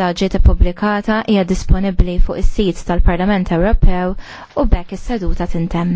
Da ġiet ippubblikata hija disponibbli fuq is-sit tal-Parlament Ewropew u bekk is-seduta tintemm.